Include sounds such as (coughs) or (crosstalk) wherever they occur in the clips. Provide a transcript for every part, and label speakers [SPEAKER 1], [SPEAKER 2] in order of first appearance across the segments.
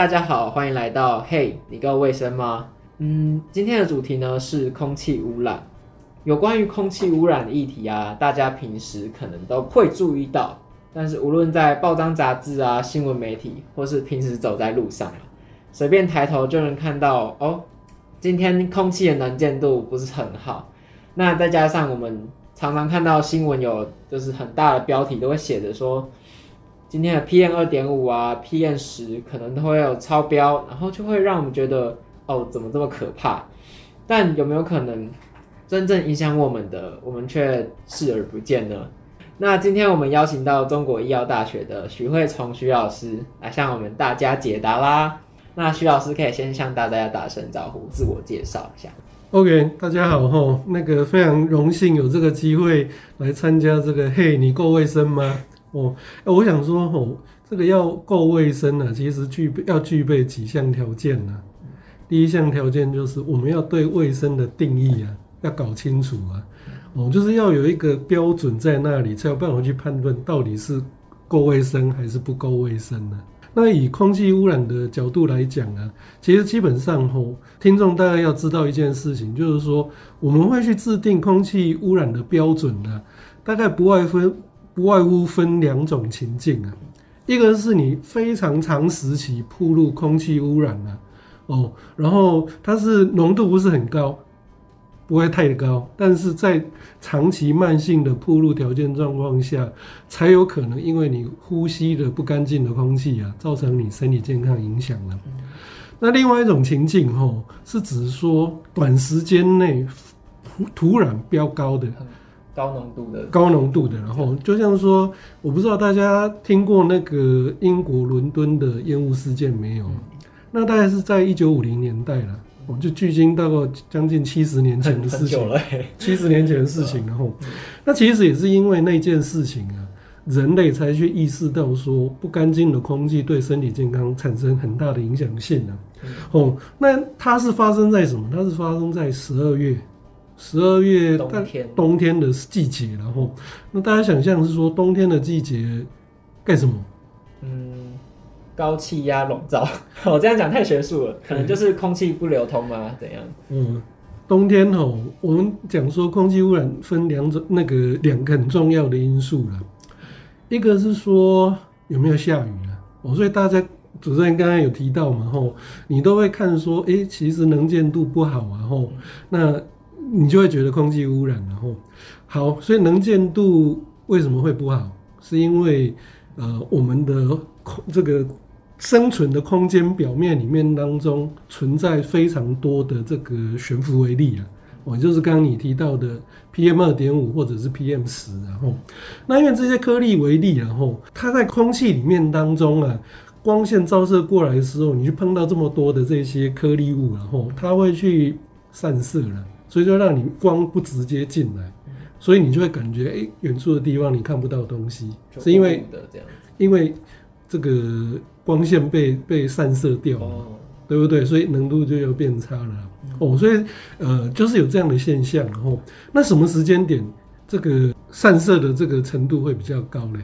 [SPEAKER 1] 大家好，歡迎來到嘿，你夠衛生嗎？嗯，今天的主題呢是空氣污染。有關於空氣污染的議題啊，大家平時可能都會注意到。但是無論在報章雜誌啊、新聞媒體，或是平時走在路上，隨便抬頭就能看到哦，今天空氣的能見度不是很好。那再加上我們常常看到新聞有，就是很大的標題都會寫着說，今天的 PM 二點五啊，PM 十可能都會有超標，然後就會讓我們覺得哦，怎麼這麼可怕？但有沒有可能真正影響我們的，我們卻視而不見呢？那今天我們邀請到中國醫藥大學的許惠悰許老師來向我們大家解答啦。那許老師可以先向大家打聲招呼，自我介紹一下。
[SPEAKER 2] OK，大家好哦，那個非常榮幸有這個機會來參加這個，嘿，你夠衛生嗎？哦、欸，我想說，吼、哦，這個要夠衛生呢、啊，其實具備要具備幾項條件呢、啊。第一項條件就是我們要對衛生的定義啊，要搞清楚啊。哦，就是要有一個標準在那裡，才有辦法去判斷到底是夠衛生還是不夠衛生呢、啊。那以空氣污染的角度來講啊，其實基本上吼、哦，聽眾大概要知道一件事情，就是說我們會去制定空氣污染的標準呢、啊，大概不外乎。外屋分兩種情境啊，一個是你非常長時期曝露空氣污染了、啊、哦，然後它是濃度不是很高，不會太高，但是在長期慢性的曝露條件狀況下，才有可能因為你呼吸的不乾淨的空氣啊，造成你身體健康影響了、啊。那另外一種情境吼、哦，是指說短時間內突然飆高的。
[SPEAKER 1] 高濃度的，高濃度的，然後
[SPEAKER 2] 就像說，我不知道大家聽過那個英國倫敦的煙霧事件沒有、嗯？那大概是在一九五零年代了、嗯，就距今大概將近七十年前的事情了，七十年前的事情。然後、欸嗯，那其實也是因為那件事情啊，人類才去意識到說不乾淨的空氣對身體健康產生很大的影響性啊。齁、嗯，那它是發生在什麼？它是發生在十二月。十二月，冬天冬天的季節，然後，那大家想象是說冬天的季節，幹什麼？嗯，
[SPEAKER 1] 高氣壓籠罩，我這樣講太學術了，可能就是空氣不流通嗎，怎
[SPEAKER 2] 樣？嗯，冬天吼，我們講說空氣污染分兩種，那個兩個很重要的因素了，一個是說有沒有下雨了、啊、哦、喔，所以大家主持人剛剛有提到嘛，吼，你都會看說，哎、欸，其實能見度不好，啊。吼，那。嗯你就會覺得空氣污染，然後好，所以能見度為什麼會不好？是因為呃，我們的空這個生存的空間表面裡面當中存在非常多的這個懸浮微粒啊。我就是剛剛你提到的 PM 二點五或者是 PM 十，然後那因為這些顆粒微粒，然後它在空氣裡面當中啊，光線照射過來的時候，你去碰到這麼多的這些顆粒物，然後它會去散射了。所以就讓你光不直接進來，所以你就會感覺，誒、欸，遠處的地方你看不到東西，是因為因為這個光線被被散射掉了、哦，對不對？所以能度就又變差了，嗯、哦，所以呃，就是有這樣的現象哦。那什麼時間點這個散射的這個程度會比較高呢？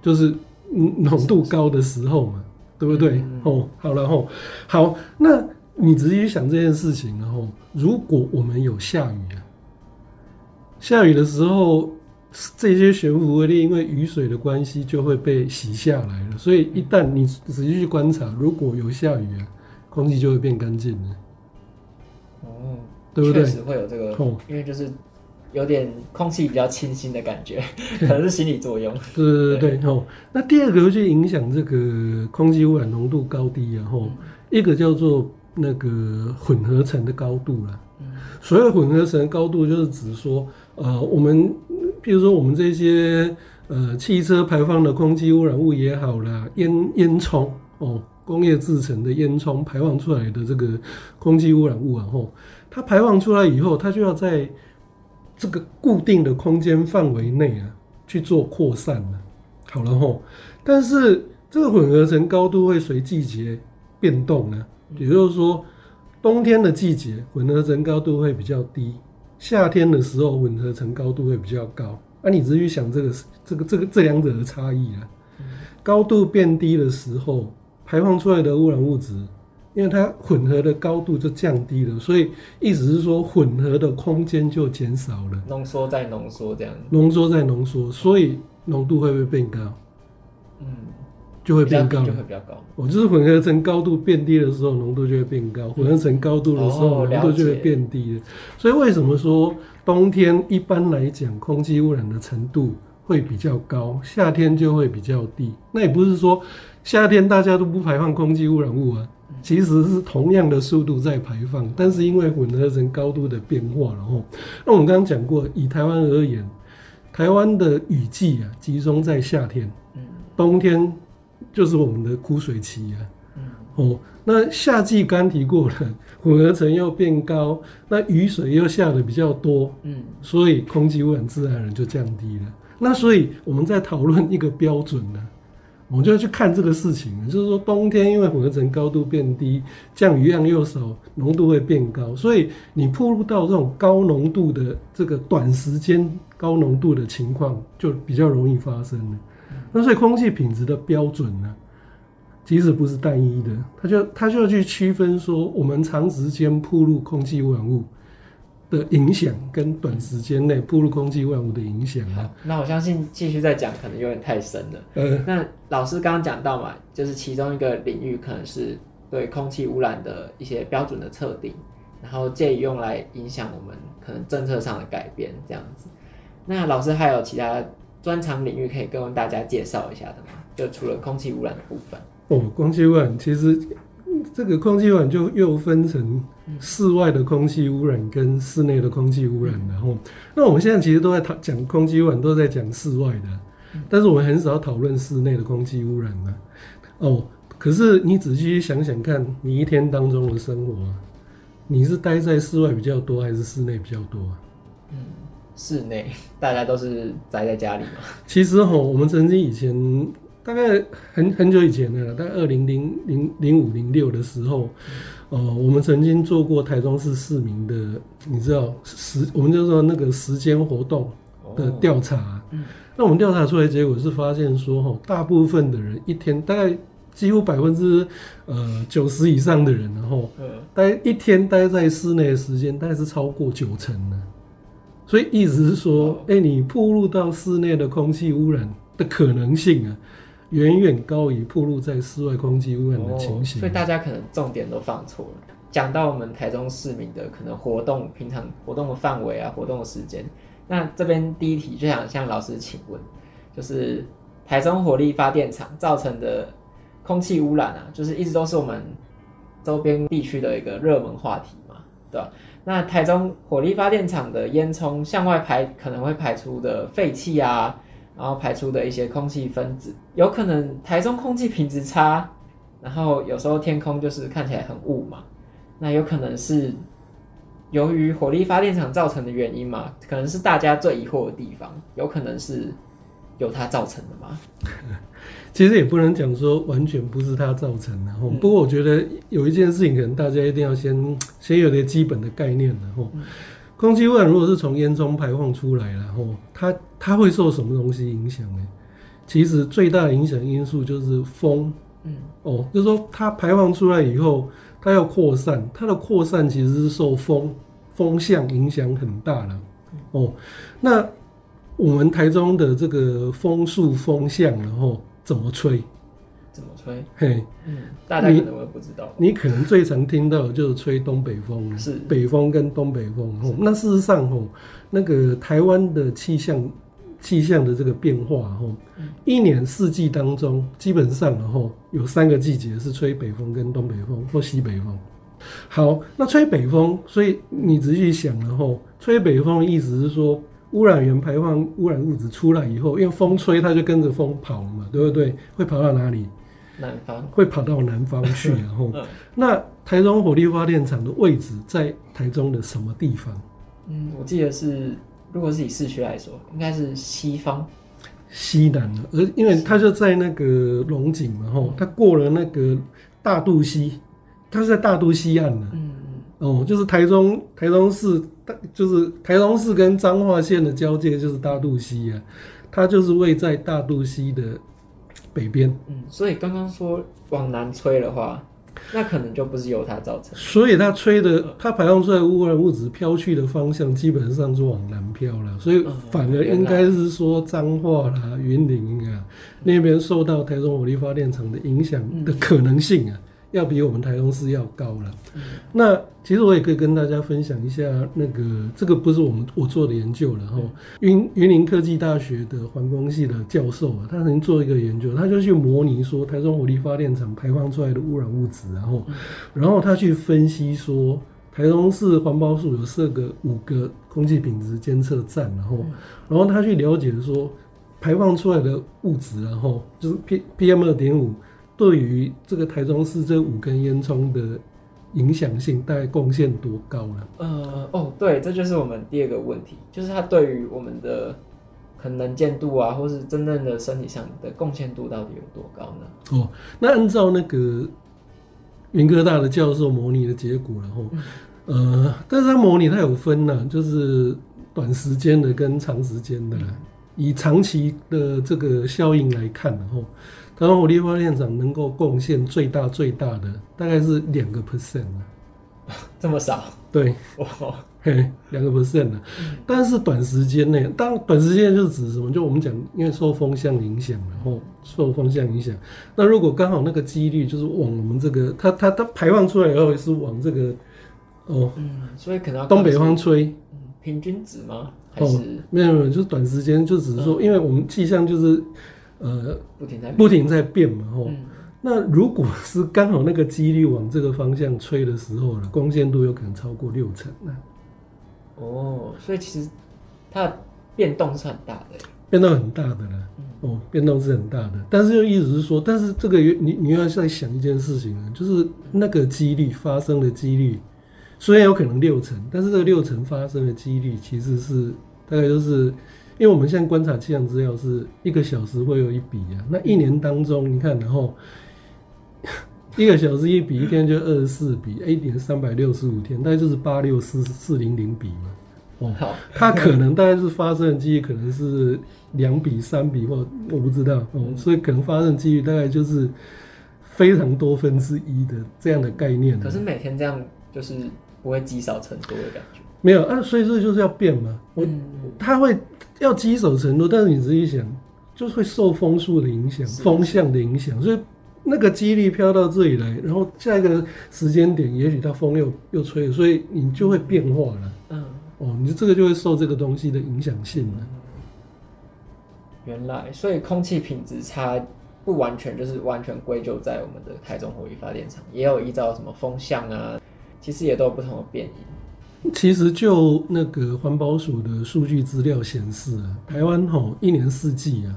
[SPEAKER 2] 就是濃度高的時候嘛，嗯、對不對？嗯、哦，好，然後好，那。你仔細想這件事情，然後如果我們有下雨啊，下雨的時候，這些懸浮顆粒因為雨水的關係就會被洗下來了。所以一旦你仔細去觀察，如果有下雨啊，空氣就會變乾淨了哦，對不對？確
[SPEAKER 1] 實會有這個、哦，因為就是有點空氣比較清新的感覺，可能是心理作用。
[SPEAKER 2] 對對對對、哦，那第二個會去影響這個空氣污染濃度高低然、啊、吼，一個叫做。那個混合層的高度啦，嗯，所謂混合層高度就是指說，呃，我們譬如說我們這些呃汽車排放的空氣污染物也好啦，煙，煙煙囪哦，工業製程的煙囪排放出來的這個空氣污染物啊，吼，它排放出來以後，它就要在這個固定的空間範圍內啊去做擴散、啊、好了吼，但是這個混合層高度會隨季節變動呢、啊。也就是說，冬天的季節混合層高度會比較低，夏天的時候混合層高度會比較高。那你只是去想這個、這個、這個這兩者的差異啊。高度變低的時候，排放出來的污染物質，因為它混合的高度就降低了，所以意思是說混合的空間就減少了，
[SPEAKER 1] 濃縮再濃縮這樣
[SPEAKER 2] 子。濃縮再濃縮，所以濃度會不會變高？嗯。
[SPEAKER 1] 就會變高，就會比較高。
[SPEAKER 2] 我、哦、就是混合層高度變低的時候，濃度就會變高；嗯、混合層高度的時候，濃、哦、度就會變低。所以為什麼說冬天一般來講空氣污染的程度會比較高、嗯，夏天就會比較低？那也不是說夏天大家都不排放空氣污染物啊、嗯，其實是同樣的速度在排放，但是因為混合層高度的變化，然後那我們剛剛講過，以台灣而言，台灣的雨季啊集中在夏天，冬天。就是我們的枯水期啊，嗯，哦，那夏季剛提過了，混合層又變高，那雨水又下的比較多，嗯，所以空氣污染，自然而然就降低了。那所以我們在討論一個標準呢、啊，我們就要去看這個事情。就是說冬天因為混合層高度變低，降雨量又少，濃度會變高，所以你曝露到這種高濃度的這個短時間高濃度的情況，就比較容易發生了。那所以空氣品質的標準呢，其實不是單一的，它就它就要去區分說，我們長時間曝露空氣污染物的影響，跟短時間內曝露空氣污染物的影響啊。
[SPEAKER 1] 那我相信繼續再講可能有點太深了。呃，那老師剛剛講到嘛，就是其中一個領域可能是對空氣污染的一些標準的測定，然後藉由用來影響我們可能政策上的改變這樣子。那老師還有其他？專長領域可以跟大家介紹一下的嗎？就除了空氣污染的部分
[SPEAKER 2] 哦。空氣污染其實這個空氣污染就又分成室外的空氣污染跟室內的空氣污染的。哦、嗯，那我們現在其實都在講空氣污染，都在講室外的，但是我們很少討論室內的空氣污染的。哦，可是你仔細想想看，你一天當中的生活，你是待在室外比較多還是室內比較
[SPEAKER 1] 多啊？嗯。室內，大家都是宅在家裡嘛。
[SPEAKER 2] 其實齁，我們曾經以前大概很很久以前的，在二零零零零五零六的時候，哦、嗯呃，我們曾經做過台中市市民的，你知道時、嗯，我們就是說那個時間活動的調查。嗯、哦。那我們調查出來結果是發現說，齁，大部分的人一天大概幾乎百分之呃九十以上的人，然後待一天待在室內的時間大概是超過九成的。所以意思是說，哎、欸，你暴露到室內的空氣污染的可能性啊，遠遠高於暴露在室外空氣污染的情形。哦。所以大
[SPEAKER 1] 家可能重點都放錯了。講到我們台中市民的可能活動，平常活動的範圍啊，活動的時間，那這邊第一題就想向老師請問，就是台中火力發電廠造成的空氣污染啊，就是一直都是我們周邊地區的一個熱門話題。那台中火力發電廠的煙囪向外排，可能會排出的廢氣啊，然後排出的一些空氣分子，有可能台中空氣品質差，然後有時候天空就是看起來很霧嘛，那有可能是由於火力發電廠造成的原因嘛，可能是大家最疑惑的地方，有可能是。有它造成的嗎？
[SPEAKER 2] 其實也不能講說完全不是它造成的、嗯、不過我覺得有一件事情，可能大家一定要先先有點基本的概念然後，嗯。空氣污染，如果是從煙囪排放出來然後，它它會受什麼東西影響呢？欸？其實最大的影響因素就是風，嗯，哦，就是說它排放出來以後，它要擴散，它的擴散其實是受風風向影響很大的，嗯，哦，那。我們台中的這個風速、風向，然後怎麼吹？
[SPEAKER 1] 怎麼吹？嘿、hey，嗯，大家可能會不知道你。你可
[SPEAKER 2] 能最常聽到的就是吹東北風，是 (laughs) 北風跟東北風。那事實上，那個台灣的氣象，氣象的這個變化，一年四季當中，基本上，然後有三個季節是吹北風跟東北風或西北風。好，那吹北風，所以你仔細想，然後吹北風的意思是說。污染源排放污染物質出來以後，因為風吹，它就跟着風跑了嘛，對不對？會跑到哪裡？南方會跑到南方去，啊，然 (laughs) 後那台中火力發電廠的位置在台中的什麼地方？
[SPEAKER 1] 嗯，我記得是，如果是以市區來說，應該是西方西南的。
[SPEAKER 2] 而因為它就在那個龍井嘛，吼，它過了那個大肚溪，它是在大肚溪岸、啊、嗯。哦，就是台中，台中市，大就是台中市跟彰化縣的交界就是大肚溪啊。它就是位在大肚溪的北邊。嗯，
[SPEAKER 1] 所以剛剛說往南吹的話，那可能就不是由它造成。
[SPEAKER 2] 所以它吹的，它排放出來的污染物質飄去的方向基本上是往南飄了，所以反而應該是說彰化啦、雲林啊那邊受到台中火力發電廠的影響的可能性啊。嗯要比我們台中市要高了、嗯。那其實我也可以跟大家分享一下，那個這個不是我們我做的研究然後雲雲林科技大學的環工系的教授啊，他曾經做一個研究，他就去模擬說台中火力發電廠排放出來的污染物質、啊，然、嗯、後然後他去分析說台中市環保署有四個五個空氣品質監測站、啊，然、嗯、後然後他去了解說排放出來的物質、啊，然後就是 PM 二點五。對於這個台中市這五根煙囪的影響性，大概貢獻多高呢？呃，
[SPEAKER 1] 哦，對，這就是我們第二個問題，就是它對於我們的可能見度啊，或是真正的身體上的貢獻度到底有多高呢？
[SPEAKER 2] 哦，那按照那個雲科大的教授模擬的結果，然後，嗯，呃，但是它模擬它有分呢，就是短時間的跟長時間的啦、嗯，以長期的這個效應來看，然後。台灣火力發電廠能夠貢獻最大最大的大概是兩個 percent 啊，
[SPEAKER 1] 這麼少？
[SPEAKER 2] 對，哦。嘿，兩個 percent 了。但是短時間內，當短時間內就指什麼？就我們講，因為受風向影響，然、哦、後受風向影響。那如果剛好那個幾率就是往我們這個，它它它排放出來以後是往這個，哦，嗯，所以可能東北方吹，
[SPEAKER 1] 嗯，平均值嗎
[SPEAKER 2] 還是？哦，沒有沒有，就是短時間就只是說、嗯，因為我們氣象就是。呃，不停在不停在變嘛，嗯、哦、那如果是剛好那個幾率往這個方向吹的時候呢，貢獻度有可能超過六成
[SPEAKER 1] 呢、啊。哦，所以其實它的變動是很大的。
[SPEAKER 2] 變動很大的了，嗯，哦，變動是很大的。但是又意思是說，但是這個你你要再想一件事情啊，就是那個幾率，發生的幾率雖然有可能六成，但是這個六成發生的幾率其實是大概就是。因為我們現在觀察氣象資料是一個小時會有一筆啊，那一年當中你看，然後一個小時一筆， (laughs) 一天就二十四筆，一年三百六十五天，大概就是八六四四零零筆嘛。哦，好，它可能大概是發生的機率可能是兩筆三筆或我不知道、嗯嗯，所以可能發生的幾率大概就是非常多分之一的這樣的概念。可是每天
[SPEAKER 1] 這樣就是不會積少成多的感
[SPEAKER 2] 覺？沒有，啊，所以說就是要變嘛，我它、嗯、會。要積少成多，但是你自己想，就是會受風速的影響、風向的影響，所以那個幾率飄到這裡來，然後下一個時間點，也許它風又又吹，所以你就會變化了。嗯，哦，你這個就會受這個東西的影響性了、嗯嗯、
[SPEAKER 1] 原來，所以空氣品質差不完全就是完全歸咎在我們的台中火力發電廠，也有依照什麼風向啊，其實也都有不同的變異。
[SPEAKER 2] 其實就那個環保署的數據資料顯示啊，台灣吼、哦、一年四季啊，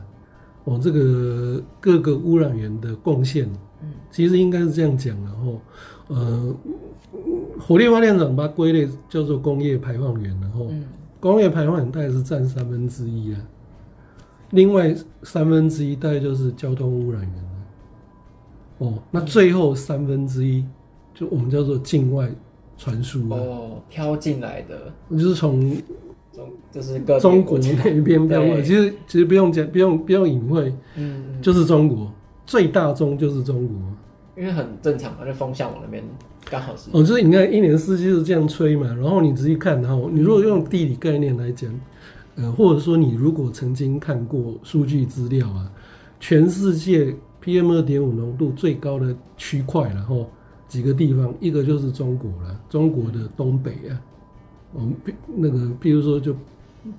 [SPEAKER 2] 哦，這個各個污染源的貢獻，嗯，其實應該是這樣講，啊，然、哦、後，呃，火力發電廠把它歸類叫做工業排放源，啊，然、哦、後，工業排放源大概是佔三分之一啊，另外三分之一大概就是交通污染源，哦，那最後三分之一就我們叫做境外，傳輸、啊、哦，
[SPEAKER 1] 飄進來的，
[SPEAKER 2] 就是從，
[SPEAKER 1] 就是個中國那邊飄過來。其實其實不用講，不用不用隱晦，嗯，
[SPEAKER 2] 就是中國、嗯、最大宗就是中國，
[SPEAKER 1] 因為很正常嘛、啊，就風向往那邊剛好是。哦，就是應
[SPEAKER 2] 該一年四季都這樣吹嘛。然後你仔細看，然後你如果用地理概念來講、嗯，呃，或者說你如果曾經看過數據資料啊，全世界 PM 二點五濃度最高的區塊然後。幾個地方，一個就是中國啦。中國的東北啊，我們那個，譬如說就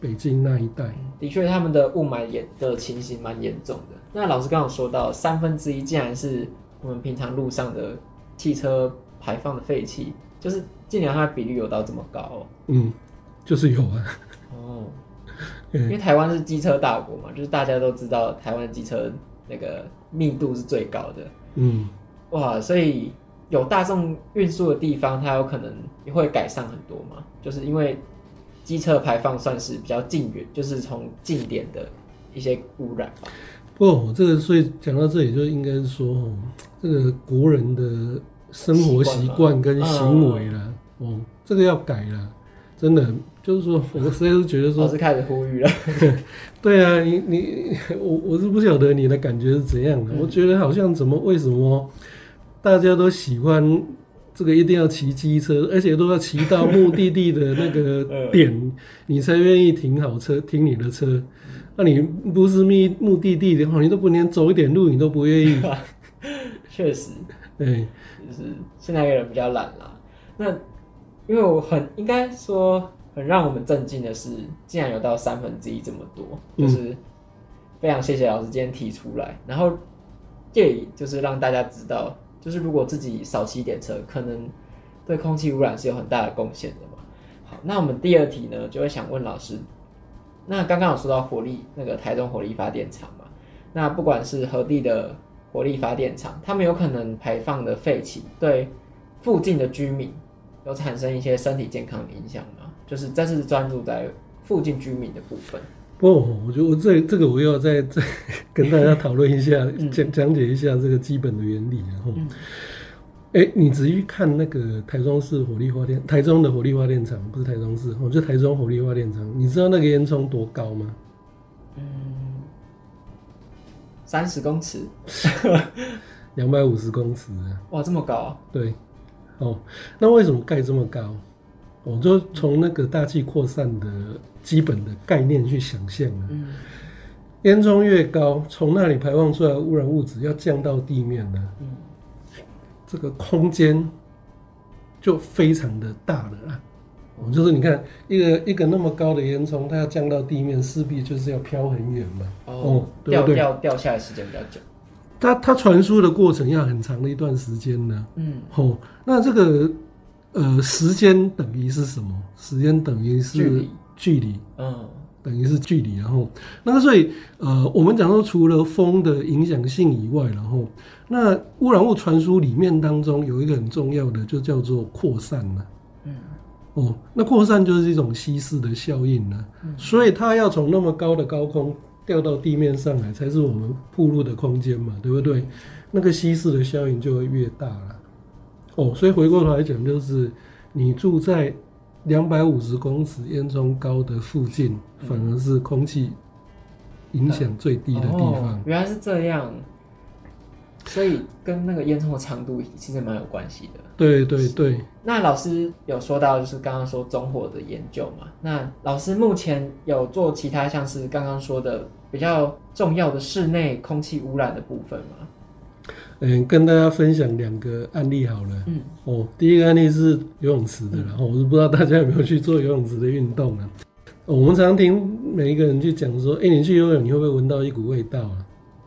[SPEAKER 2] 北京那一帶、嗯，
[SPEAKER 1] 的確他們的霧霾嚴的情形蠻嚴重的。那老師剛剛說到，三分之一竟然是我們平常路上的汽車排放的廢氣，就是竟然它的比率有到這麼高、哦？
[SPEAKER 2] 嗯，就是有啊。
[SPEAKER 1] 哦， (laughs) 因為台灣是機車大國嘛，就是大家都知道台灣機車那個密度是最高的。嗯，哇，所以。有大眾運輸的地方，它有可能也會改善很多嘛？就是因為機車排放算是比較近遠，就是從近點的一些污染。不、
[SPEAKER 2] 哦，這個所以講到這裡，就應該是說、哦，這個國人的生活習慣跟行為啦哦哦。哦，這個要改啦，真的、哦、就是說，哦、我實在是覺得說，我、哦、是開始呼籲了。對啊，你你我我是不曉得你的感覺是怎樣的、啊嗯，我覺得好像怎麼為什麼。大家都喜歡這個，一定要騎機車，而且都要騎到目的地的那個點， (laughs) 你才願意停好車，停你的車。那、啊、你不是目目的地的話，你都
[SPEAKER 1] 不連走一點路，
[SPEAKER 2] 你都不願意 (laughs) 。
[SPEAKER 1] 確實，
[SPEAKER 2] 對，
[SPEAKER 1] 就是現在的人比較懶啦。那因為我很應該說，很讓我們震驚的是，竟然有到三分之一這麼多，就是非常謝謝老師今天提出來，然後這裡就是讓大家知道。就是如果自己少騎一點車，可能對空氣污染是有很大的貢獻的嘛。好，那我們第二題呢，就會想問老師，那剛剛有說到火力，那個台中火力發電廠嘛，那不管是何地的火力發電廠，他們有可能排放的廢氣，對附近的居民有產生一些身體健康的影響嗎？就是這是專注在附近居民的部分。
[SPEAKER 2] 不、oh，我覺得我這這個我又要再再跟大家討論一下，講 (laughs) 講、嗯、解一下這個基本的原理。然後、嗯欸，你仔細看那個台中市火力發電，台中的火力發電廠不是台中市，哦，是台中火力發電廠，你知道那個煙囪多高嗎？嗯，
[SPEAKER 1] 三十公尺，
[SPEAKER 2] 兩百五十公尺，
[SPEAKER 1] 哇，這麼高、
[SPEAKER 2] 啊？對，哦，那為什麼蓋這麼高？我就從那個大氣擴散的基本的概念去想象了、啊。嗯，煙囪越高，從那裡排放出來的污染物質要降到地面的、啊嗯，這個空間就非常的大了、啊。哦、嗯，就是你看一個一個那麼高的煙囪，它要降到地面，勢必就是要飄很遠嘛。哦，哦，對不對？掉掉下來
[SPEAKER 1] 時間比
[SPEAKER 2] 較久。它它傳輸的過程要很長的一段時間呢、啊。嗯，哦，那這個。呃，時間等於是什麼？時間等於是距離，距離，嗯，等於是距離。然後，那麼所以，呃，我們講說除了風的影響性以外，然後那汙染物傳輸裡面當中有一個很重要的，就叫做擴散，嗯，哦，那擴散就是一種稀釋的效應呢，嗯。所以它要從那麼高的高空掉到地面上來，才是我們暴露的空間嘛，對不對？那個稀釋的效應就會越大了。哦，所以回過頭來講，就是你住在兩百五十公尺煙囪高的附近，反而是空氣影響最低的地方。嗯。
[SPEAKER 1] 哦，原來是這樣，所以跟那個煙囪的長度其實蠻有關係的
[SPEAKER 2] (coughs) 對對對。
[SPEAKER 1] 那老師有說到，就是剛剛說中火的研究嘛？那老師目前有做其他像是剛剛說的比較重要的室內空氣污染的部分嗎？
[SPEAKER 2] 嗯、欸，跟大家分享兩個案例好了。嗯哦、喔，第一個案例是游泳池的，然、嗯、後、喔、我都不知道大家有沒有去做游泳池的運動啊。喔、我們常常聽每一個人去講說，誒、欸，你去游泳，你會不會聞到一股味道啊？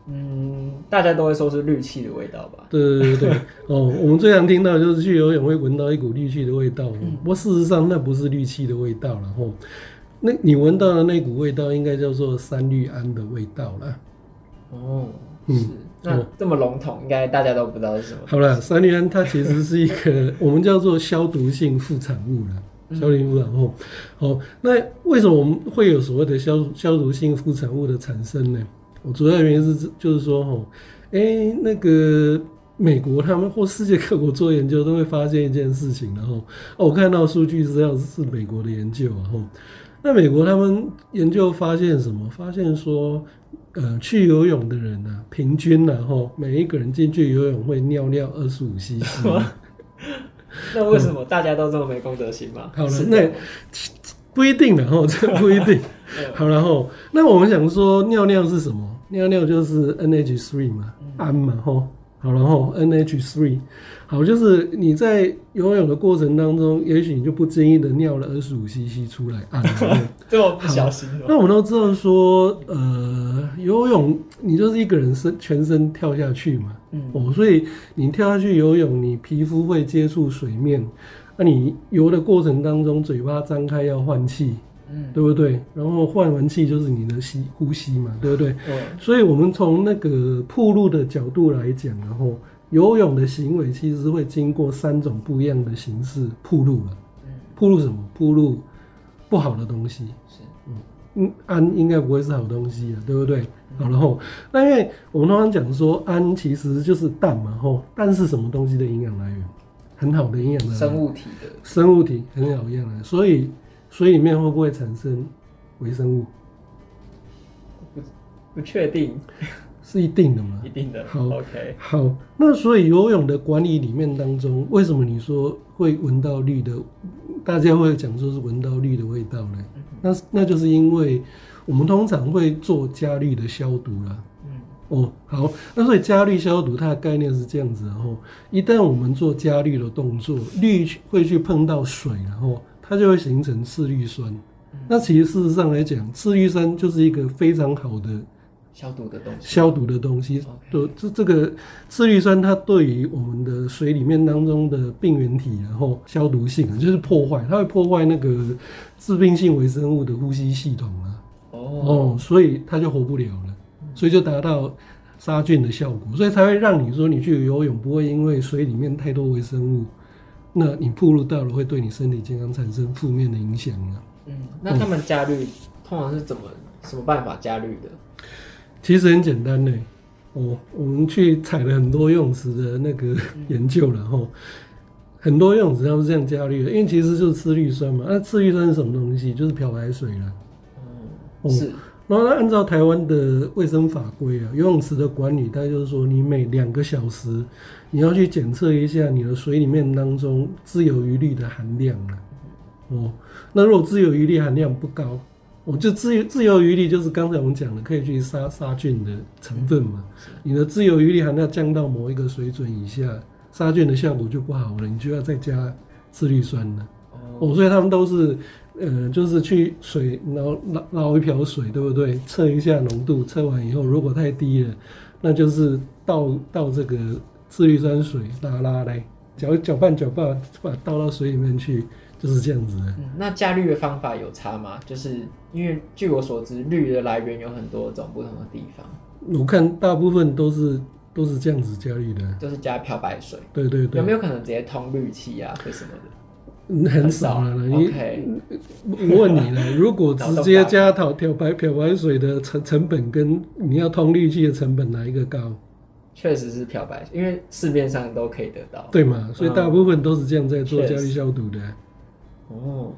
[SPEAKER 2] 嗯，
[SPEAKER 1] 大家都會說是氯氣的味道吧？對對對對。哦
[SPEAKER 2] (laughs) 喔，我們最常聽到就是去游泳會聞到一股氯氣的味道、啊嗯，不過事實上那不是氯氣的味道然後、喔、那你聞到的那股味道應該叫做三氯胺的味道啦。哦，嗯。是
[SPEAKER 1] 那這麼籠統，哦、應該大家都不知道是什麼。
[SPEAKER 2] 好了，三氯胺它其實是一個 (laughs) 我們叫做消毒性副產物了，消毒性副產物。好、嗯哦，那為什麼我們會有所謂的消消毒性副產物的產生呢？我主要原因是就是說，哎、哦欸，那個美國他們或世界各國做研究都會發現一件事情，然、哦、後我看到數據是這是美國的研究那美國他們研究發現什麼？發現說，呃，去游泳的人呢、啊，平均然、啊、後每一個人進去游泳會尿尿二十五 c c。 (laughs) 那為什麼
[SPEAKER 1] 大家都這麼沒公德心嘛、嗯？好了，
[SPEAKER 2] 那不一定的哈，這個不一定。好，然後那我們想說尿尿是什麼？尿尿就是 NH three 嘛，氨、嗯、嘛，哈。好，然後 NH3，好，就是你在游泳的過程當中，也許你就不經意的尿了二十五 c c 出來 (laughs) 啊有有，就麼不小心。那我們都知道說，呃，游泳你就是一個人身全身跳下去嘛，嗯，哦，所以你跳下去游泳，你皮膚會接觸水面，那、啊、你游的過程當中，嘴巴張開要換氣。嗯、對不對？然後換完氣就是你的吸呼吸嘛，對不對？對，所以，我們從那個暴露的角度來講、啊，然後游泳的行為其實會經過三種不一樣的形式暴露了。暴露什麼？暴露不好的東西。
[SPEAKER 1] 是。
[SPEAKER 2] 嗯嗯，氨應該不會是好東西啊，對不對？嗯、好，然後，那因為我們通常講說氨其實就是氮嘛，吼，氮是什麼東西的營養來源？很好的營養來源。生物體的。生物體很好的營養來源，所以。水裡面會不會產生微生物？不，
[SPEAKER 1] 不確定，
[SPEAKER 2] 是一定的嗎？一定的。好，OK。好，那所以游泳的管理裡面當中，為什麼你說會聞到氯的？大家會講說是聞到氯的味道呢？Okay. 那那就是因為我們通常會做加氯的消毒啦。哦、嗯，oh, 好，那所以加氯消毒它的概念是這樣子、喔，然後一旦我們做加氯的動作，氯會去碰到水，然後。它就會形成次氯酸，嗯、那其實事實上來講，次氯酸就是一個非常好的消毒的東西。消毒的東西，這、Okay. 這個次氯酸它對於我們的水裡面當中的病原體，然後消毒性就是破壞，它會破壞那個致病性微生物的呼吸系統啊。哦、Oh. 哦、嗯，所以它就活不了了，所以就達到殺菌的效果，所以才會讓你說你去游泳不會因為水裡面太多微生物。那你暴露到了，會對你身體健康產生負面的影響啊。嗯，那他們
[SPEAKER 1] 加氯、嗯、通常是怎麼什麼辦法加氯的？
[SPEAKER 2] 其實很簡單的哦，我們去採了很多泳池的那個研究然後、嗯、很多泳池他們是這樣加氯的，因為其實就是次氯酸嘛，那、啊、次氯酸是什麼東西？就是漂白水了。哦、嗯嗯，是。然後，按照台灣的衛生法規啊，游泳池的管理，它就是說，你每兩個小時，你要去檢測一下你的水裡面當中自由餘氯的含量啊。哦，那如果自由餘氯含量不高，我、哦、就自由自由餘氯就是剛才我們講的，可以去殺殺菌的成分嘛。你的自由餘氯含量降到某一個水準以下，殺菌的效果就不好了，你就要再加次氯酸了、啊哦。哦，所以他們都是。呃，就是去水撈撈撈一瓢水，對不對？測一下濃度，測完以後如果太低了，那就是倒倒這個次氯酸水拉拉嘞，攪攪拌攪拌，把倒到水裡面去，就是這樣子的。嗯，
[SPEAKER 1] 那加氯的方法有差嗎？就是因為據我所知，氯的來源有很多種不同的地方。
[SPEAKER 2] 我看大部分都是都是這樣子加氯的，
[SPEAKER 1] 就是加漂白水。對對對。有沒有可能直接通氯氣啊，或什麼的？很少了。你、okay, 嗯、我問你呢， (laughs) 如果
[SPEAKER 2] 直接加漂漂白漂白水的成成本跟你要通氯氣的成本哪一個高？
[SPEAKER 1] 確實是漂白水，因為市面上都可以得到。對嘛？所以大部
[SPEAKER 2] 分都是這樣在做加氯消毒的、啊嗯。哦，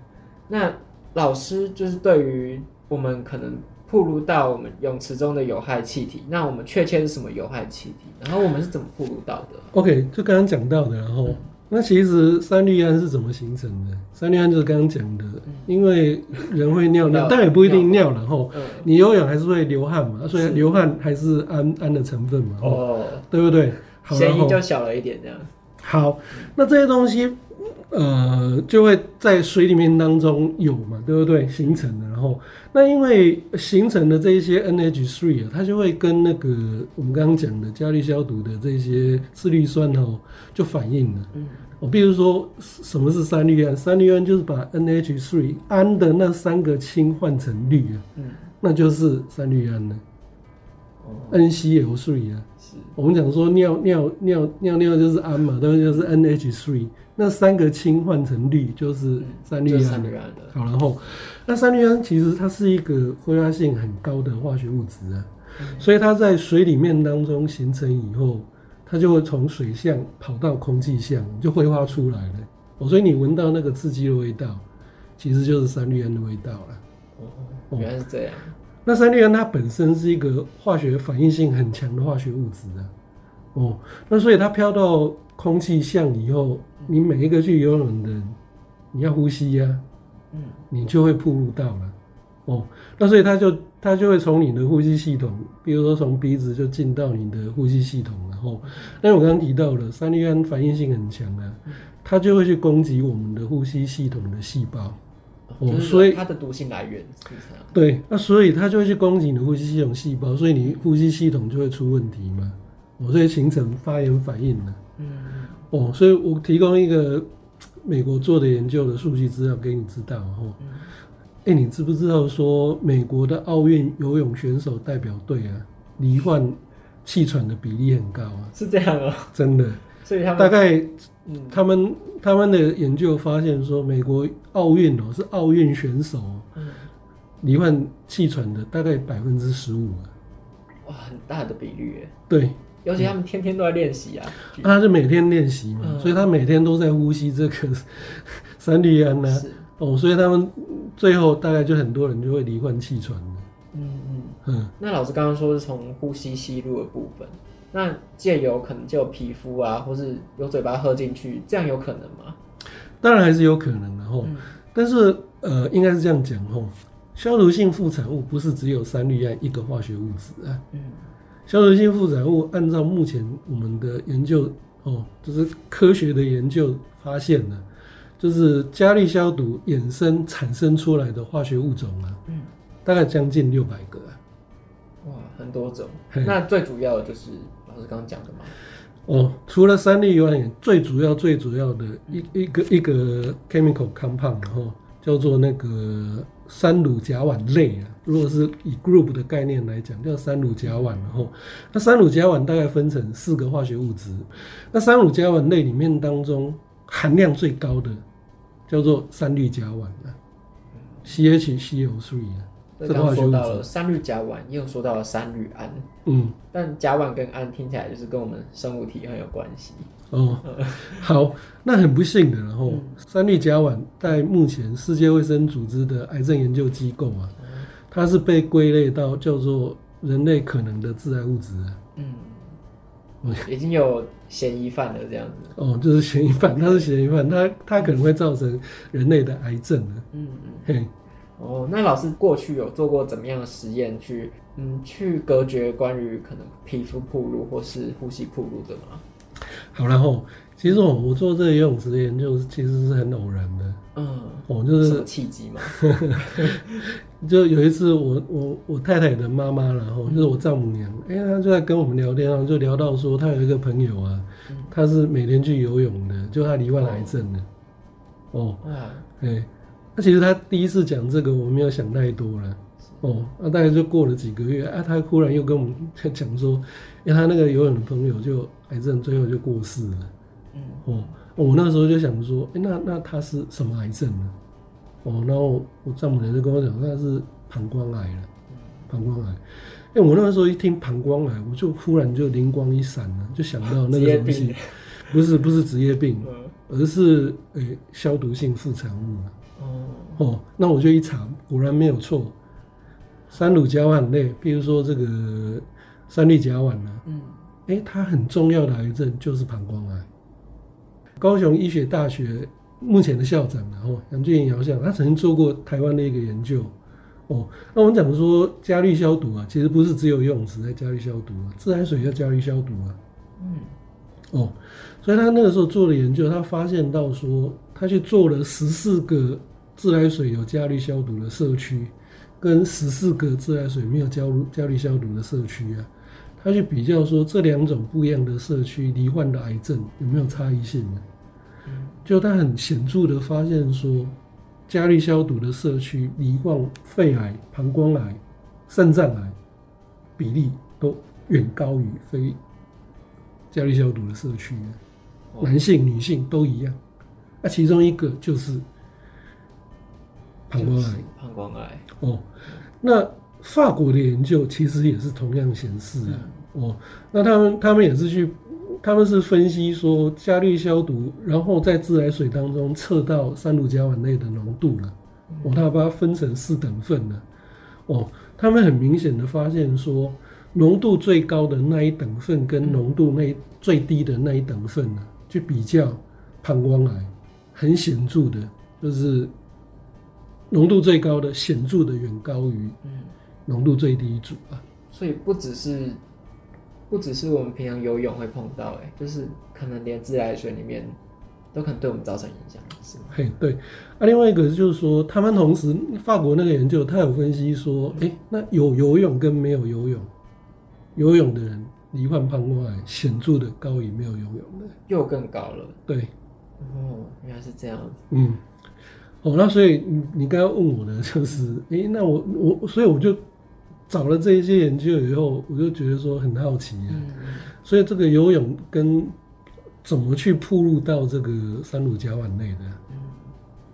[SPEAKER 1] 那老師就是對於我們可能曝露到我們泳池中的有害氣體，那我們確切是什麼有害氣體？然後我們是怎麼曝露到的
[SPEAKER 2] ？OK，就剛剛講到的，然、嗯、後。那其實三氯胺是怎麼形成的？三氯胺就是剛剛講的，因為人會尿、嗯、尿，但也不一定尿，然後、嗯、你有氧還是會流汗嘛，嗯、所以流汗還是氨氨的成分嘛，哦，對不對？嫌疑、啊、就
[SPEAKER 1] 小了一點這
[SPEAKER 2] 樣。好，那這些東西，呃，就會在水裡面當中有嘛，對不對？形成的，然後那因為形成的這一些 NH3 啊，它就會跟那個我們剛剛講的加氯消毒的這些次氯酸哦，就反應了。嗯比如說，什麼是三氯胺？三氯胺就是把 N H 3胺的那三個氫換成氯啊、嗯，那就是三氯胺了。嗯、N C l 3啊。我們講說尿尿尿尿尿就是氨嘛，那、嗯、就是 N H 3那三個氫換成氯就是三氯胺。好，然、就、後、是，那三氯胺其實它是一個揮發性很高的化學物質啊、嗯，所以它在水裡面當中形成以後。它就會從水相跑到空氣相，就揮發出來了。哦，所以你聞到那個刺激的味道，其實就是三氯胺的味道
[SPEAKER 1] 了。哦，原來是這
[SPEAKER 2] 樣。哦，那三氯胺它本身是一個化學反應性很強的化學物質啊。哦，那所以它飄到空氣相以後，你每一個去游泳的，你要呼吸呀，嗯，你就會暴露到了。哦，那所以它就它就會從你的呼吸系統，比如說從鼻子就進到你的呼吸系統了，啊。哦，那我剛剛提到了三氯胺反應性很強啊，它就會去攻擊我們的呼吸系統的細胞，哦，所、就、
[SPEAKER 1] 以、是、它的毒性來源是對，
[SPEAKER 2] 那、啊、所以它就會去攻擊你的呼吸系統細胞，所以你呼吸系統就會出問題嘛，哦，所以形成發炎反應了、啊。嗯，哦，所以我提供一個美國做的研究的數據資料給你知道哈。誒、哦嗯欸，你知不知道說美國的奧運游泳選手代表隊啊，罹患？氣喘的比例很高啊，是這樣哦、喔，真的。所以他們大概，嗯、他們他們的研究發現說，美國奧運哦是奧運選手，嗯、罹患氣喘的大概百分之十五啊，哇，
[SPEAKER 1] 很大的比率誒。對，尤其他們天天都在練習啊、
[SPEAKER 2] 嗯、啊，他是每天練習嘛、嗯，所以他每天都在呼吸這個、嗯、三氯胺呢、啊。哦，所以他們最後大概就很多人就會罹患氣喘的，嗯。
[SPEAKER 1] 嗯，那老師剛剛說是從呼吸吸入的部分，那借由可能就皮膚啊，或是由嘴巴喝進去，這樣有可能嗎？
[SPEAKER 2] 當然還是有可能的吼、嗯、但是呃，應該是這樣講吼，消毒性副產物不是只有三氯胺一個化學物質啊。嗯，消毒性副產物按照目前我們的研究哦，就是科學的研究發現呢、啊，就是加氯消毒衍生產生出來的化學物種啊，嗯，大概將近六
[SPEAKER 1] 百個、啊。多種，那最主要的就是
[SPEAKER 2] 老師剛剛講的嘛。哦，除了三氯以外，最主要最主要的一一個一個 chemical compound 哈、哦，叫做那個三鹵甲烷類啊。如果是以 group 的概念來講，叫三鹵甲烷哈、哦。那三鹵甲烷大概分成四個化學物質。那三鹵甲烷類裡面當中含量最高的叫做三氯甲烷啊。C H C O three 剛剛說到
[SPEAKER 1] 了三氯甲烷，又說到了三氯胺。嗯，但甲烷跟胺聽起來就是跟我們生物體很有關係。哦，
[SPEAKER 2] (laughs) 好，那很不幸的，然後、哦、嗯、三氯甲烷在目前世界衛生組織的癌症研究機構啊，它是被歸類到叫做人類可能的致癌物質、嗯。嗯，
[SPEAKER 1] 已經有嫌疑犯了
[SPEAKER 2] 這樣子。哦、嗯，就是嫌疑犯，它是嫌疑犯，它他，他可能會造成人類的癌症，嗯嗯。嘿。
[SPEAKER 1] 哦，那老師過去有做過怎麼樣的實驗去，嗯，去隔絕關於可能皮膚暴露或是呼吸暴露的嗎？
[SPEAKER 2] 好，然後其實我、嗯、我做這個游泳池研究其實是很偶然的，嗯，我、喔、就是契機嘛， (laughs) 就有一次我我我太太的媽媽，然後就是我丈母娘，哎、欸，她就在跟我們聊天啊，就聊到說她有一個朋友啊，嗯、她是每天去游泳的，就她罹患癌症的、啊。哦，哎、哦。啊欸那、啊、其實他第一次講這個，我沒有想太多了哦。那、啊、大概就過了幾個月啊，他忽然又跟我們講說，因為他那個游泳的朋友就癌症，最後就過世了。嗯，哦，我那時候就想說，欸、那那他是什麼癌症呢、啊？哦，然後我，我丈母娘就跟我講，他是膀胱癌了，膀胱癌。哎，我那時候一聽膀胱癌，我就忽然就靈光一閃了，就想到那個東西，病不是不是職業病，而是、欸、消毒性副產物。哦，那我就一查，果然沒有錯。三氯甲烷類，比如說這個三氯甲烷呢、啊，嗯誒，它很重要的癌症就是膀胱癌、啊。高雄醫學大學目前的校長，然後楊俊彥校長，他曾經做過台灣的一個研究。哦，那我們講說，加氯消毒啊，其實不是只有游泳池在加氯消毒啊，自來水要加氯消毒啊。
[SPEAKER 1] 嗯。
[SPEAKER 2] 哦，所以他那個時候做的研究，他發現到說。他去做了十四個自來水有加氯消毒的社區，跟十四個自來水沒有加氯加氯消毒的社區啊，他去比較說這兩種不一樣的社區罹患的癌症有沒有差異性呢、啊？就他很顯著的發現說，加氯消毒的社區罹患肺癌、膀胱癌、腎臟癌、癌比例都遠高於非加氯消毒的社區、啊哦，男性、女性都一樣。那、啊、其中一個就是
[SPEAKER 1] 膀胱癌，膀、就、胱、是、癌
[SPEAKER 2] 哦。那法國的研究其實也是同樣顯示的、啊、哦。那他們他們也是去，他們是分析說加氯消毒，然後在自來水當中測到三氯甲烷類的濃度了，我、嗯，哦、他把它分成四等份了哦，他們很明顯的發現說，濃度最高的那一等份跟濃度那、嗯、最低的那一等份呢、啊，去比較膀胱癌。很顯著的，就是濃度最高的顯著的遠高於嗯濃度最低一組啊、嗯，
[SPEAKER 1] 所以不只是不只是我們平常游泳會碰到、欸，哎，就是可能連自來水裡面都可能對我們造成影響，是
[SPEAKER 2] 嗎？嘿，對。啊，另外一個就是說，他們同時法國那個研究，他有分析說，哎、欸，那有游泳跟沒有游泳，游泳的人罹患膀胱癌，顯著的高於沒有游泳的、
[SPEAKER 1] 欸，又更高了，對。哦，原來是
[SPEAKER 2] 這樣子。嗯，哦，那所以你你剛剛問我的就是，哎、嗯欸，那我我所以我就找了這一些研究以後，我就覺得說很好奇啊。嗯、所以這個游泳跟怎麼去曝露到這個三鹵甲烷內的、嗯？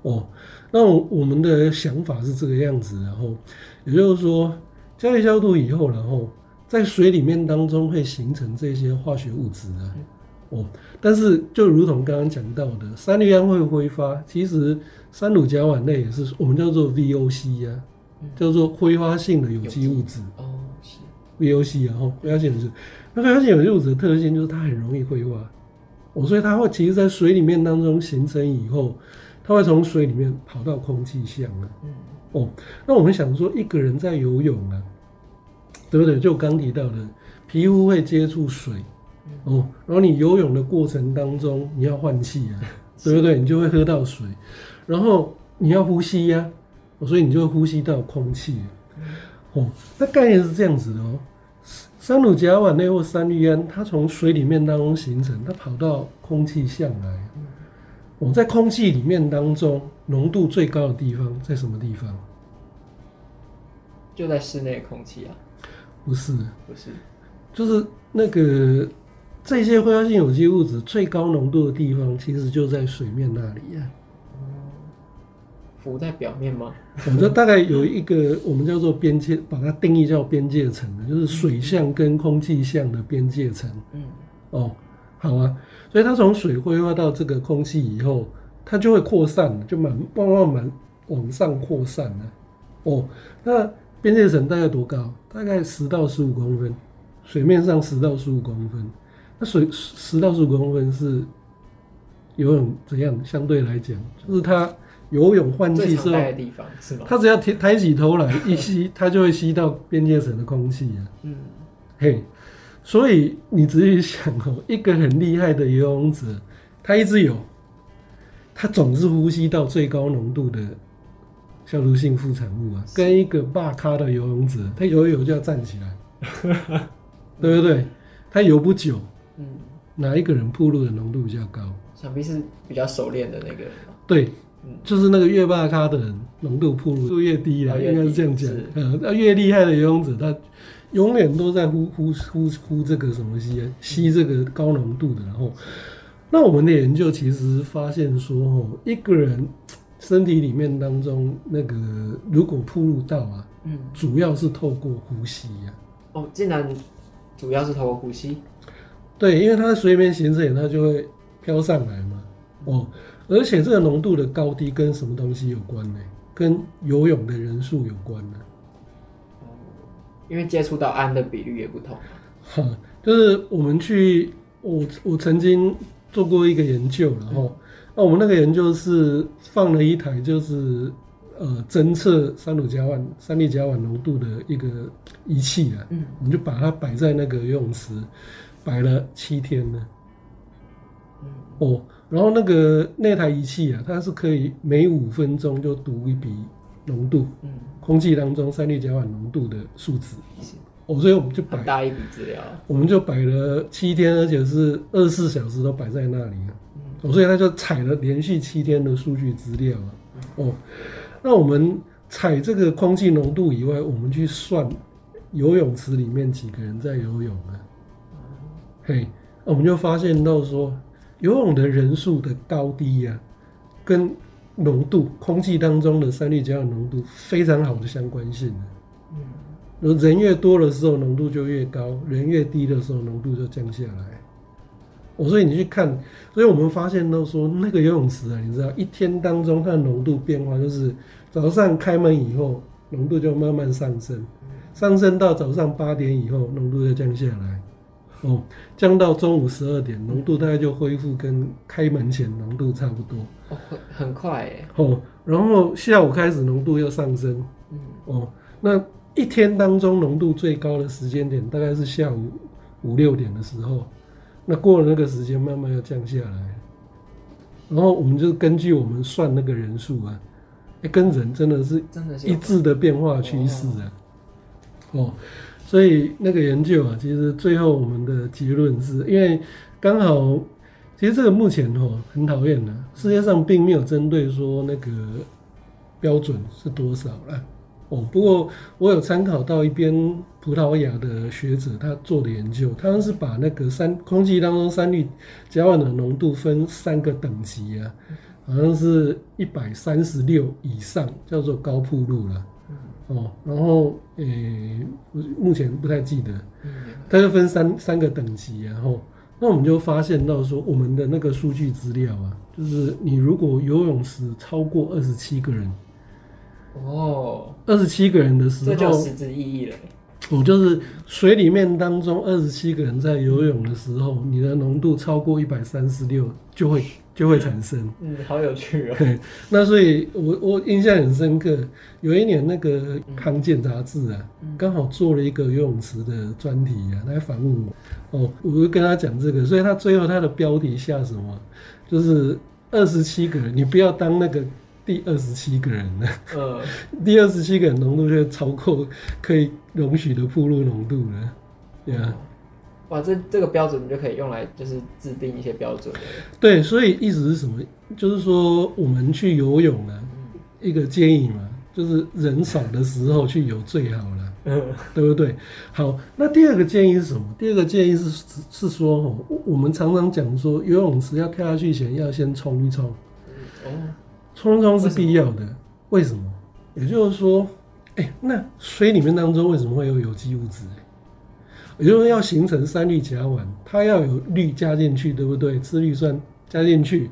[SPEAKER 2] 哦，那我，我們的想法是這個樣子，然後也就是說，嗯、加氯消毒以後，然後在水裡面當中會形成這些化學物質啊。嗯哦，但是就如同剛剛講到的，三氯胺會揮發。其實三鹵甲烷類也是我們叫做 VOC 呀、啊嗯，叫做揮發性的有機物質、啊、哦，是 VOC。然後，VOC 就是那個揮發性的有機物質的特性，就是它很容易揮發、哦。所以它會其實在水裡面當中形成以後，它會從水裡面跑到空氣相、啊、嗯，哦，那我們想說，一個人在游泳啊，對不對？就剛提到的，皮膚會接觸水。哦，然後你游泳的過程當中，你要換氣啊， (laughs) 對不對？你就會喝到水，然後你要呼吸呀、啊，所以你就呼吸到空氣。 (laughs) 哦，那概念是這樣子的哦。三氯甲烷或三氯胺，它從水裡面當中形成，它跑到空氣相來。我、 (laughs) 哦、在空氣裡面當中，濃度最高的地方在什麼地方？
[SPEAKER 1] 就在室內空氣啊？不是，不是，就
[SPEAKER 2] 是那個。這些揮發性有機物質最高濃度的地方，其實就在水面那
[SPEAKER 1] 裡呀。浮在表面嗎？我們說大概有一
[SPEAKER 2] 個我們叫做邊界，把它定義叫邊界層的，就是水相跟空氣相的邊界層。嗯，哦，好啊。所以它從水揮發到這個空氣以後，它就會擴散，就滿慢慢滿往上擴散的。哦，那邊界層大概多高？大概十到十五公分，水面上十到十五公分。水十十到十五公分是游泳怎樣相對來講，就是他游泳換氣的、的地方是吧？他只要抬、抬起頭來一吸，他 (laughs) 就會吸到邊界層的空氣啊。嗯、嘿、hey，所以你仔細想哦、喔，一個很厲害的游泳者，他一直游，他總是呼吸到最高濃度的消毒性副產物啊。跟一個霸咖的游泳者，他游一游就要站起來， (laughs) 對不對？他游不久。嗯，哪一個人暴露的濃度比較高？
[SPEAKER 1] 想必是比較熟練的那個
[SPEAKER 2] 人。對、嗯，就是那個越霸咖的濃度暴露就越低了，應該是這樣講。呃，那、嗯、越厲害的游泳者，他永遠都在呼呼呼呼這個什麼吸吸這個高濃度的。然後，那我們的研究其實發現說，哦，一個人身體裡面當中那個如果暴露到啊，嗯，主要是透過呼吸呀、啊。哦，
[SPEAKER 1] 竟然主要是透過呼吸。
[SPEAKER 2] 對，因為它水面鹹水，它就會漂上來嘛。哦，而且這個濃度的高低跟什麼東西有關呢？跟游泳的人數有關呢？嗯，
[SPEAKER 1] 因為接觸到氨的比率也不同。
[SPEAKER 2] 哈，就是我們去，我我曾經做過一個研究，然、嗯、後，那我們那個研究是放了一台，就是呃，偵測三氯甲烷，三氯甲烷濃度的一個儀器啊。嗯，我們就把它擺在那個游泳池。擺了七天呢，哦、嗯，oh, 然後那個那台儀器啊，它是可以每五分鐘就讀一筆濃度，嗯，空氣當中三氯甲烷濃度的數值，哦，oh, 所以我們就
[SPEAKER 1] 擺，很大一筆資料，
[SPEAKER 2] 我們就擺了七天，而且是二十四小時都擺在那裡哦，嗯 oh, 所以它就採了連續七天的數據資料，哦、嗯，oh, 那我們採這個空氣濃度以外，我們去算游泳池裡面幾個人在游泳啊。對，我們就發現到說，游泳的人數的高低呀、啊，跟濃度，空氣當中的三氯甲烷濃度非常好的相關性。嗯，人越多的時候，濃度就越高；人越低的時候，濃度就降下來。我所以你去看，所以我們發現到說，那個游泳池啊，你知道，一天當中它的濃度變化就是早上開門以後，濃度就慢慢上升，上升到早上八點以後，濃度就降下來。哦，降到中午十二點，濃度大概就恢復跟開門前濃度差不多。哦，很快哎、欸。哦，然後下午開始濃度又上升。嗯。哦，那一天當中濃度最高的時間點大概是下午五六點的時候，那過了那個時間慢慢要降下來。然後我們就根據我們算那個人數啊，跟人真的是真的是一致的變化趨勢啊。哦。哦所以那個研究啊，其實最後我們的結論是因為剛好，其實這個目前吼、喔、很討厭的，世界上並沒有針對說那個標準是多少了哦。不過我有參考到一篇葡萄牙的學者他做的研究，他們是把那個三空氣當中三氯甲烷的濃度分三個等級啊，好像是一百三十六以上叫做高暴露了。哦，然後誒，目前不太記得，它就分三三個等級，然後那我們就發現到說，我們的那個數據資料啊，就是你如果遊泳池超過二十七個人，哦，二十七個人的時候，這就實質意
[SPEAKER 1] 義了。
[SPEAKER 2] 我們就是水裡面當中二十七個人在游泳的時候，嗯、你的濃度超過一百三十六就會。就會產生，嗯，好有趣哦。對，那所以我我印象很深刻，有一年那個康健雜誌啊，剛、嗯、好做了一個游泳池的專題啊，來訪問我，哦，我就跟他講這個，所以他最後他的標題下什麼，就是二十七個人，嗯，你不要當那個第二十七個人了，呃、嗯， (laughs) 第二十七個人濃度就超過可以容許的曝露濃度了，對啊。嗯
[SPEAKER 1] 哇，這這個標準你就可以用來就是制定一些標準。
[SPEAKER 2] 對，所以意思是什麼？就是說我們去游泳呢，啊嗯，一個建議嘛，就是人少的時候去游最好了，嗯，對不對？好，那第二個建議是什麼？第二個建議是是說，吼，哦，我們常常講說，游泳池要跳下去前要先沖一沖，沖、嗯哦、沖沖是必要的。為什麼？為什麼也就是說，哎，那水裡面當中為什麼會有有機物質？也就是要形成三氯甲烷，它要有氯加進去，對不對？次氯酸加進去，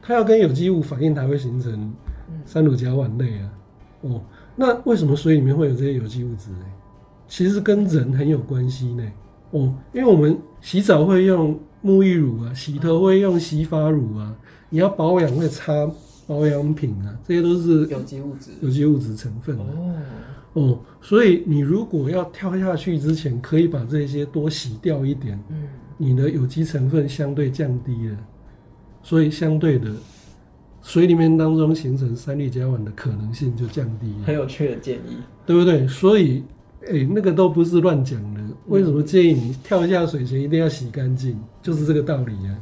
[SPEAKER 2] 它要跟有機物反應才會形成三氯甲烷類啊。哦，那為什麼水裡面會有這些有機物質呢？其實跟人很有關係呢。哦，因為我們洗澡會用沐浴乳啊，洗頭會用洗髮乳啊，你要保養會擦保養品啊，這些都是有機物質，有機物質成分啊。哦、嗯，所以你如果要跳下去之前，可以把這些多洗掉一點，嗯，你的有機成分相對降低了，所以相對的，水裡面當中形成三氯甲烷的可能性就降低了。很有
[SPEAKER 1] 趣的建議，
[SPEAKER 2] 對不對？所以，誒、欸，那個都不是亂講的。為什麼建議你跳下水前一定要洗乾淨？就是這個道理啊。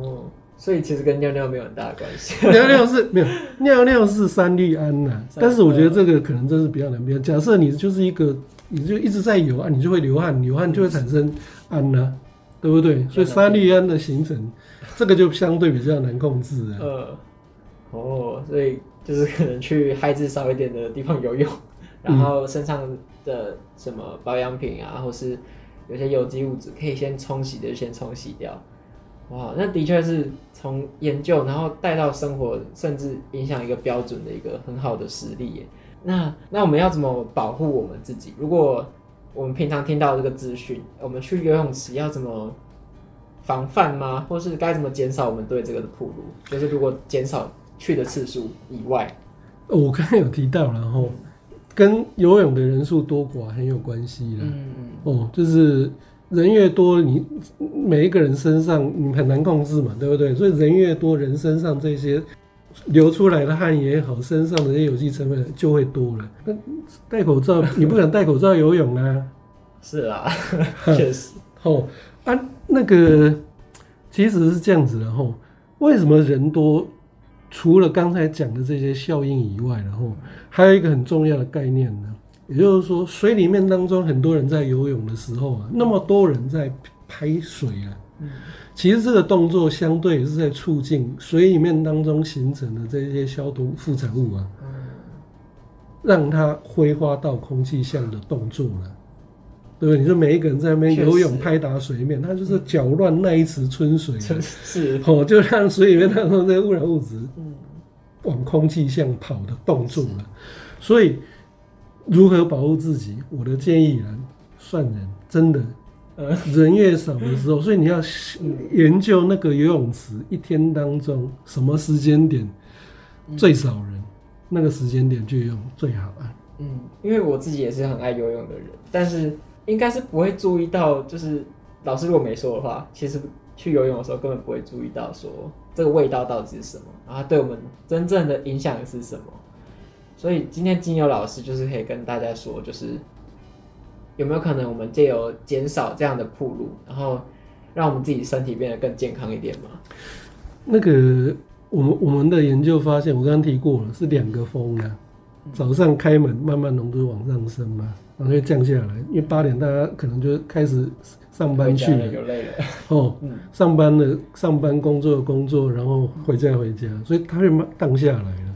[SPEAKER 2] 哦、嗯。
[SPEAKER 1] 所以其實跟尿尿沒有很大的關係， (laughs) 尿尿是沒有，
[SPEAKER 2] 尿尿是三氯胺吶。但是我覺得這個可能真是比較難比較假設你就是一個，你就一直在游啊，你就會流汗，流汗就會產生胺吶、啊嗯，對
[SPEAKER 1] 不對？嗯、所以三氯胺的形
[SPEAKER 2] 成、嗯，這個就相對比較難控制、啊。呃，哦，
[SPEAKER 1] 所以就是可能去孩子少一點的地方游泳，然後身上的什麼保養品啊，或是有些有機物質可以先沖洗的，先沖洗掉。哇，那的確是從研究，然後帶到生活，甚至影響一個標準的一個很好的實例耶。那那我們要怎麼保護我們自己？如果我們平常聽到這個資訊，我們去游泳池要怎麼防範嗎？或是該怎麼減少我們對這個的暴露？就是如果減少去的次數以外，
[SPEAKER 2] 哦，我剛才有提到，然後跟游泳的人數多寡很有關係啦。嗯，嗯，哦，就是。人越多，你每一個人身上你很難控制嘛，對不對？所以人越多人身上這些流出來的汗也好，身上這些有機成分就會多了。那戴口罩，你不敢戴口罩游泳啊？是啊，確實。哦，啊，那個其實是這樣子的哦。為什麼人多？除了剛才講的這些效應以外，然後還有一個很重要的概念呢。也就是說，水裡面當中很多人在游泳的時候啊，那麼多人在拍水啊，其實這個動作相對也是在促進水裡面當中形成的這些消毒副產物啊，讓它揮發到空氣項的動作了，啊嗯，對不對？你說每一個人在那邊游泳拍打水面，他就是攪亂那一池春水，啊，是，哦，就讓水裡面當中這些污染物質往空氣向跑的動作了，啊，所以。如何保護自己？我的建議，算人真的，呃，人越少的時候， (laughs) 所以你要研究那個游泳池一天當中什麼時間點最少人，嗯、那個時間點去游泳最好啊。嗯，
[SPEAKER 1] 因為我自己也是很愛游泳的人，但是應該是不會注意到，就是老師如果沒說的話，其實去游泳的時候根本不會注意到說這個味道到底是什麼，然後對我們真正的影響是什麼。所以今天金友老師就是可以跟大家說，就是有沒有可能我們借由減少這樣的暴露，然後讓我們自己身體變得更健康一點嘛？
[SPEAKER 2] 那個我們我們的研究發現，我剛剛提過了，是兩個峰啊，早上開門，慢慢濃度往上升嘛，啊，然後又降下來，因為八點大家可能就開始上班去了，累了哦、 (laughs) 嗯，上班的上班工作工作，然後回家回家，所以它會慢下來了。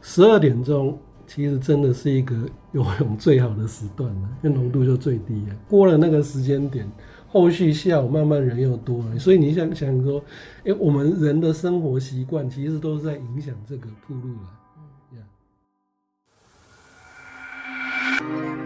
[SPEAKER 2] 十二點鐘其實真的是一個游泳最好的時段了、啊，因為濃度就最低了、啊。過了那個時間點，後續下午慢慢人又多了，所以你想想說，誒、欸，我們人的生活習慣其實都是在影響這個暴露了。Yeah.